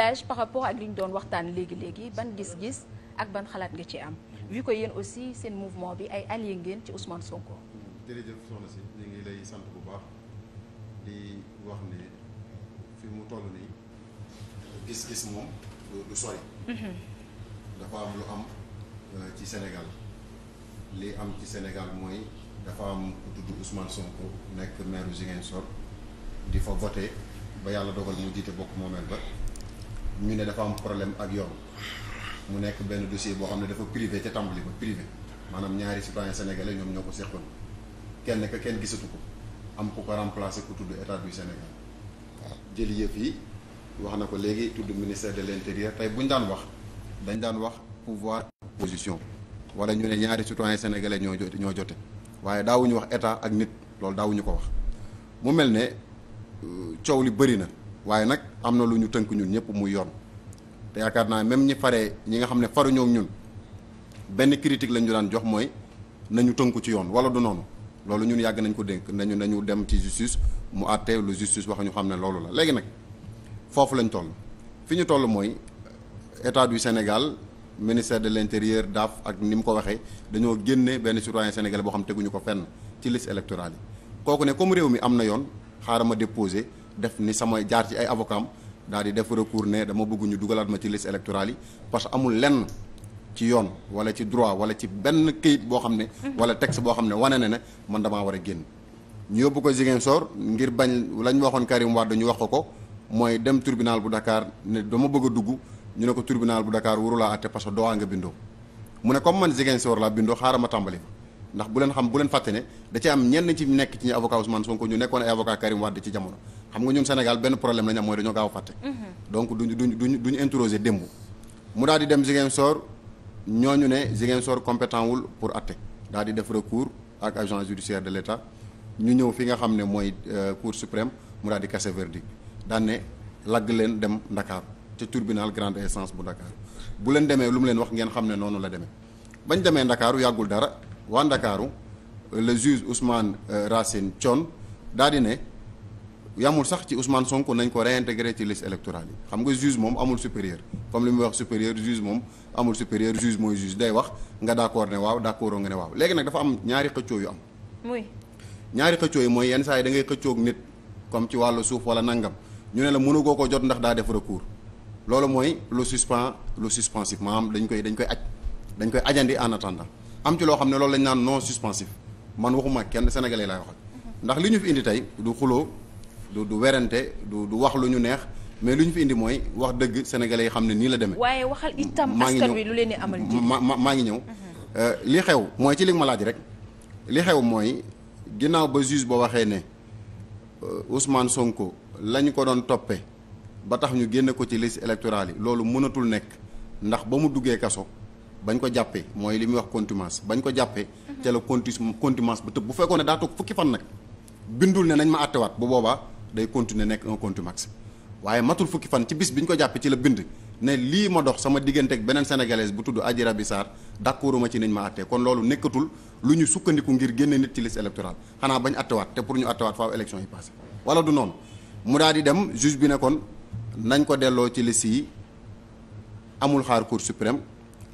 plage par rapport ak li ñu doon waxtaan léegi léegi ban gis-gis ak ban xalaat nga ci am vu que yéen aussi seen mouvement bi ay allié ngeen ci Ousmane Sonko. jërëjëf soxna si ñu ngi lay bu baax di wax ne mu toll nii gis-gis moom mhm. dafa am lu am euh, ci Sénégal li am ci Sénégal mooy dafa am ku tudd Ousmane Sonko nekk maire Ziguinchor di fa voté ba yàlla dogal mu jiite bokk moomeel ba. ñu ne dafa am problème ak yoon mu nekk benn dossier boo xam ne dafa privé te tàmbali ba privé maanaam ñaari citoyen sénégalais ñoom ñoo ko seqoon kenn ka kenn gisatu ko am ku ko remplacer ku tudd état du Sénégal waaw jël yëf yi wax na ko léegi tuddu ministère de l' intérieur tey bu ñu daan wax dañ daan wax pouvoir opposition wala ñu ne ñaari citoyen sénégalais ñoo jote ñoo jote waaye ñu wax état ak nit loolu daawuñu ko wax mu mel ne euh, coow li bëri na waaye nag am na lu ñu tënk ñun ñëpp muy yoon te yaakaar naa même ñi faree ñi nga xam ne faruñoo ñun benn critique lañ ñu daan jox mooy nañu tënku ci yoon wala du noonu loolu ñun yàgg nañ ko dénk nañu nañu dem ci justice mu àtte lu justice wax ñu xam ne loolu la léegi nag foofu lañ toll fi ñu toll mooy état du Sénégal ministère de l'intérieur daaf ak ni mu ko waxee dañoo génne benn citoyen sénégal boo xam tegu ñu ko fenn ci liste électorale yi kooku ne comme réew mi am na yoon xaaral ma déposé. def ni samay jaar ci ay avocat am daal di def recours ne dama bëgg ñu dugalaat ma ci liste électorale yi parce que amul lenn ci yoon wala ci droit wala ci benn këyit boo xam ne. Mhm. wala texte boo xam ne wane na ne man damaa war a génn. ñu yóbbu ko Ziguinchor ngir bañ lañ waxoon Karim Wade ñu wax ko ko mooy dem tribunal bu Dakar ne dama bëgg a dugg ñu ne ko tribunal bu Dakar warulaa àtte parce que doo nga bindoo mu ne comme man Ziguinchor laa bindoo xaaral ma tàmbali ndax bu leen xam bu leen fàtte ne da ci am nekk ci ñu nekkoon ay avocat Karim xam nga ñun Sénégal benn problème la ñu am mooy dañoo gaaw a fàtte. donc duñu duñu duñu duñu introsé démb. mu daal di dem Ziguinchor ñooñu ne Ziguinchor compétent wul pour atte daal di def recours ak agent judiciaire de l'État ñu ñëw fi nga xam ne mooy euh, cour suprême mu daal di casser verdict daan ne lagg leen dem Ndakaaru ca turbinal grande instance bu Ndakaaru bu leen demee lu mu leen wax ngeen xam ne noonu la demee bañ demee Ndakaaru yàggul dara waa Ndakaaru le juge Ousmane euh, Racine Thion daal di ne. yamul sax ci Ousmane Sonko nañ ko réintégré ci liste électorale yi xam nga juge moom amul supérieur comme li muy wax supérieur juge moom amul supérieur juge mooy juge day wax nga d'accord ne waaw d'accord nga ne waaw léegi nag dafa am ñaari xëccoo yu am. muy ñaari xëccoo yi mooy yenn saa yi da ngay xëccoog nit comme ci wàllu suuf wala nangam ñu ne la mënugoo ko jot ndax daa def recours loolu mooy le suspens le suspensif maanaam dañ koy dañ koy aj dañ koy ajandi en attendant am ci loo xam ne loolu lañ naan non suspensif man waxuma kenn sénégalais laay waxal mhm. ndax li ñu fi indi tey du xuloo du du werante du du wax lu ñu neex mais lu ñu fi indi mooy wax dëgg sénégalais yi xam ne nii la demee. waaye waxal itam askan wi lu leen di amal ma ma maa ngi ñëw. Euh, li xew mooy ci li ma laaj rek li xew mooy ginnaaw ba juge ba waxee ne euh, Ousmane Sonko lañ ko doon toppee ba tax ñu génne ko ci liste électorale yi loolu mënatul nekk ndax ba mu duggee kaso. bañ ko jàppee mooy li muy wax contumace bañ ko jàppee ca la contu bu tëb bu fekkoon ne daa toog fukki fan nag bindul ne nañ ma àttewaat bu boobaa day continuer nekk un contumax waaye matul fukki fan ci bis bi ñu ko jàppee ci la bind ne lii ma dox sama diggante ak beneen sénégalaise bu tudd Adji Raby Sarr d'accorduma ci niñ ma attee kon loolu nekkatul lu ñu sukkandiku ngir génne nit ci liste électorale xanaa bañ waat te pour ñu attewaat faaw élection yi passé wala du noonu mu daal di dem juge bi ne kon nañ ko delloo ci liste yi amul xaar cour suprême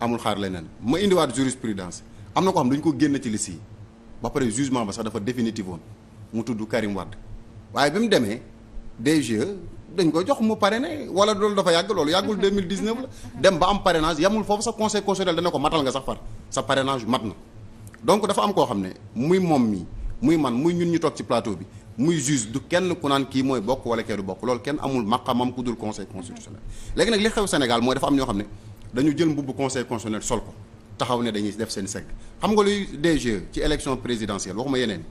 amul xaar leneen ma indiwaat jurisprudence am na ko xam dañ ko génn ci liste ba pare jugement ba sax dafa définitive woon mu tudd Karim waaye bi mu demee DGE dañ ko jox mu pare ne wala loolu dafa yàgg loolu yàggul 2019 la dem ba am parrainage yamul foofu sax conseil constitutionnel dana ko matal nga sax far sa parrainage mat na donc dafa am koo xam ne muy moom mii muy man muy ñun ñu toog ci plateau bi muy juge du kenn ku naan kii mooy bokk wala kee du bokk loolu kenn amul maqamam ku dul conseil constitutionnel léegi nag li xew Sénégal mooy dafa am ñoo xam ne dañu jël mbubb conseil constitutionnel sol ko taxaw ne dañuy def seen segg xam nga luy DGE ci élection présidentielle waxuma yeneen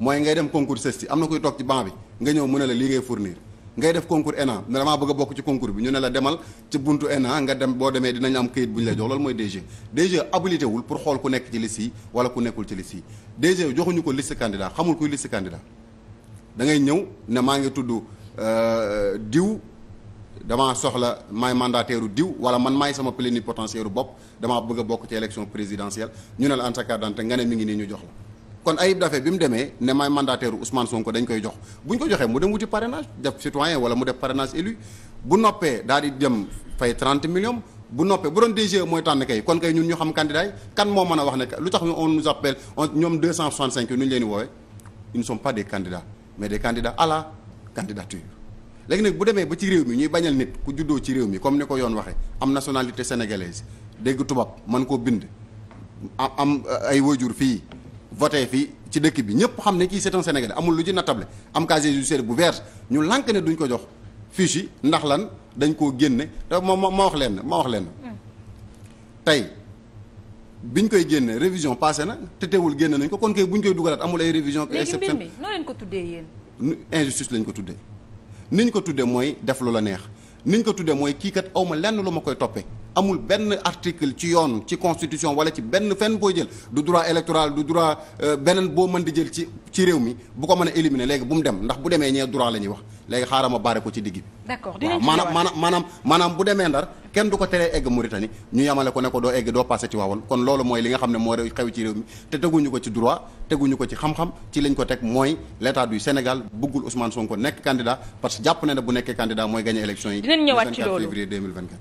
mooy ngay dem concours CESTI am na kuy toog ci banc bi nga ñëw mu ne la lii ngay fournir ngay def concours ENA ne damaa bëgg a bokk ci concours bi ñu ne la demal ci buntu ENA nga dem boo demee dinañ am këyit bu ñu la jox loolu mooy DG DG habilité wul pour xool ku nekk ci liste yi wala ku nekkul ci liste yi DG joxuñu ko liste candidat xamul kuy liste candidat da ngay ñëw ne maa ngi tudd euh, diw damaa soxla maay mandataire diw wala man maay sama plénipotentiaire bopp damaa bëgg bokk ci élection présidentielle ñu la en sa carte mi ngi nii ñu jox kon Ayib Daffé bi mu demee ne maay mandataire Ousmane ko dañ koy jox bu ñu ko joxee mu dem wuti parrainage def citoyen wala mu def parrainage élu bu noppee daal di dem fay 30 millions bu noppee bu doon DG mooy tànn kay kon kay ñun ñu xam candidat yi kan moo mën a wax ne lu tax on nous appelle on ñoom 265 nu ñu leen di woowee ils ne sont pas des candidats mais des candidats à la candidature. léegi nag bu demee ba ci réew mi ñuy bañal nit ku juddoo ci réew mi comme ni ko yoon waxee am nationalité sénégalaise dégg tubaab mën koo bind am am euh, ay waajur fii. voté fii ci dëkk bi ñëpp xam ne kii c'est un amul lu ci nattable am casier judiciaire bu vierge ñu lànk ne duñ ko jox fiche yi ndax lan dañ koo génne te ma ma wax leen ma wax leen hmm. tey bi biñ koy génne révision passé na te teewul génne nañ ko kon bu buñ koy dugalaat amul ay révision exception léegi mbir mi noo leen ko tuddee yéen injustice lañ ko tuddee ni ko tuddee mooy def lu la neex niñ ko tuddee mooy kii kat aw ma lenn lu ma koy toppee amul benn article ci yoon ci constitution wala ci benn fenn boo jël du droit électoral du droit euh, beneen boo mën di jël ci ci réew mi bu ko mën a éliminer léegi bu mu dem ndax bu demee ñee droit la ñuy wax léegi xaaral ma bare ko ci digg bi. d'accord dinañ maanaam maanaam maanaam bu demee ndar. kenn du ko teree egg Mauritanie ñu yamale ko ne ko doo egg doo passé ci waawoon kon loolu mooy li nga xam ne moo xew ci réew mi te teguñu ko ci droit teguñu ko ci xam-xam ci lañ ko teg mooy l'état du Sénégal bëggul Ousmane Sonko nekk candidat parce que jàpp na ne bu nekkee candidat mooy gagné élection yi. dinañ ñëwaat ci loolu